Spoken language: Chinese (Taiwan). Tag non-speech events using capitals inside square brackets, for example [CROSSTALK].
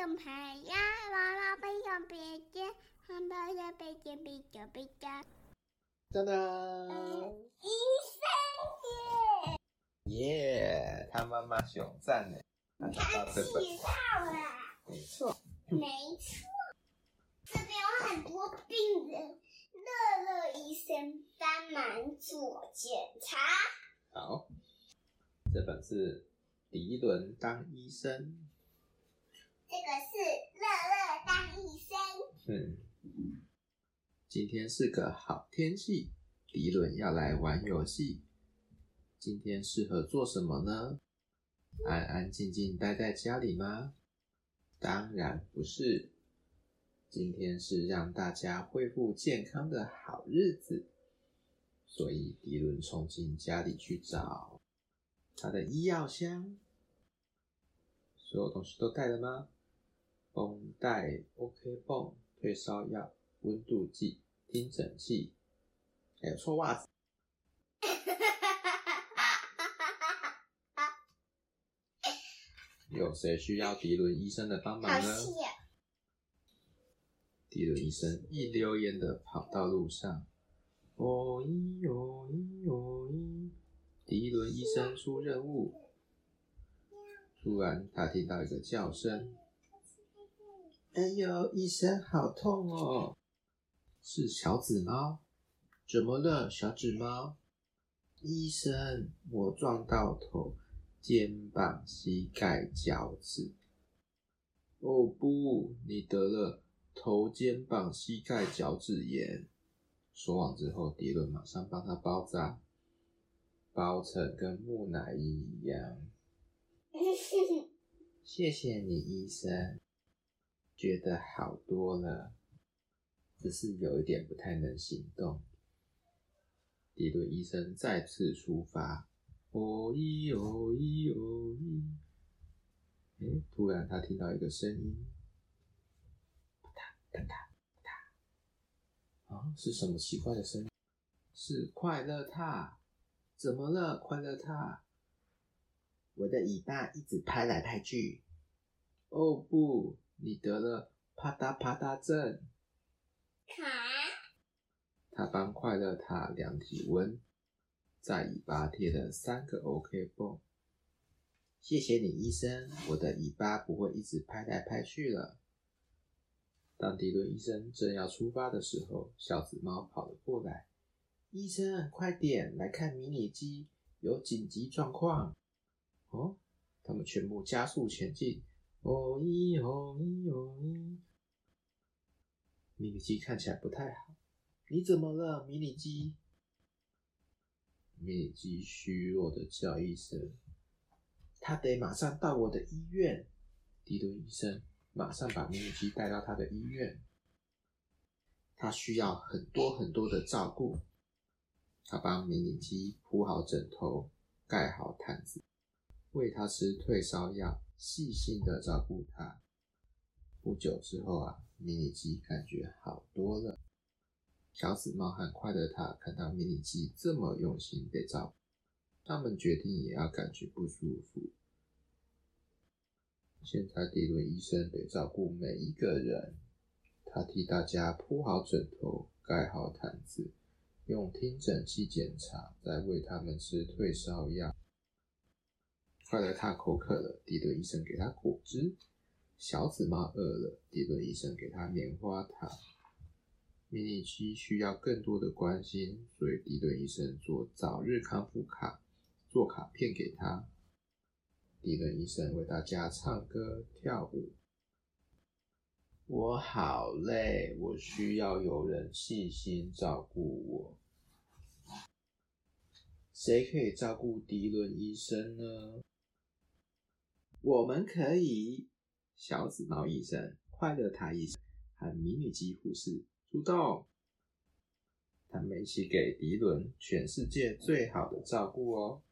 小朋友，媽媽背上背巾，小朋友背着背着背巾。噠噠，醫生耶！Yeah, 他媽媽熊讚的，他起跳了。沒錯，呵呵，沒錯，這邊有很多病人，樂樂醫生幫忙做檢查。好，這本是迪倫當醫生。嗯，今天是個好天氣。迪倫要來玩遊戲。今天適合做什麼呢？安安靜靜待在家裡嗎？當然不是。今天是讓大家恢復健康的好日子，所以迪倫衝進家裡去找他的醫藥箱。所有東西都帶了嗎？繃帶，OK 繃。退燒藥、溫度計、聽診器，還有臭襪子。有 [LAUGHS] 誰需要迪倫醫生的幫忙呢？啊、迪倫醫生一溜煙的跑到路上。哦咦哦咦哦咦！迪倫醫生出任務，突然他聽到一個叫聲。哎呦，醫生好痛哦！是小紫喵，怎麼了，小紫喵？醫生，我撞到頭、肩膀、膝蓋、腳趾。哦不，你得了頭、肩膀、膝蓋、腳趾炎。說完之後，迪倫馬上幫他包紮，包成跟木乃伊一樣。 [LAUGHS] 謝謝你，醫生。覺得好多了，只是有一點不太能行動。迪倫醫生再次出發，哦咦哦咦哦咦！哎，突然他聽到一個聲音，啊，是什麼奇怪的聲音？是快樂獺？怎麼了，快樂獺？我的尾巴一直拍來拍去。哦不！你得了啪嗒啪嗒症。卡。他幫快樂獺量體溫，在尾巴貼了三個 OK 繃。謝謝你，醫生，我的尾巴不會一直拍來拍去了。當迪倫醫生正要出發的時候，小紫喵跑了過來：“醫生，快點來看迷你雞，有緊急狀況！”哦，他們全部加速前進。哦咦哦咦哦咦！迷你雞看起來不太好，你怎麼了，迷你雞？迷你雞虛弱的叫一聲，他得馬上到我的醫院。迪倫醫生馬上把迷你雞帶到他的醫院，他需要很多很多的照顧。他幫迷你雞鋪好枕頭，蓋好毯子。餵他吃退燒藥，細心的照顧他。不久之後啊，迷你雞感覺好多了。小紫喵和快樂獺，他看到迷你雞這麼用心的照顧，他們決定也要感覺不舒服。現在迪倫醫生得照顧每一個人，他替大家鋪好枕頭，蓋好毯子，用聽診器檢查，再餵他們吃退燒藥。快來他口渴了，迪倫醫生給他果汁。小紫貓餓了，迪倫醫生給他棉花糖。米莉期需要更多的關心，所以迪倫醫生做早日康復卡，做卡片給他。迪倫醫生為大家唱歌跳舞。我好累，我需要有人細心照顧我。誰可以照顧迪倫醫生呢？我們可以！小紫喵醫生、快樂獺醫生和迷你雞護士出動，他們一起給迪倫全世界最好的照顧哦。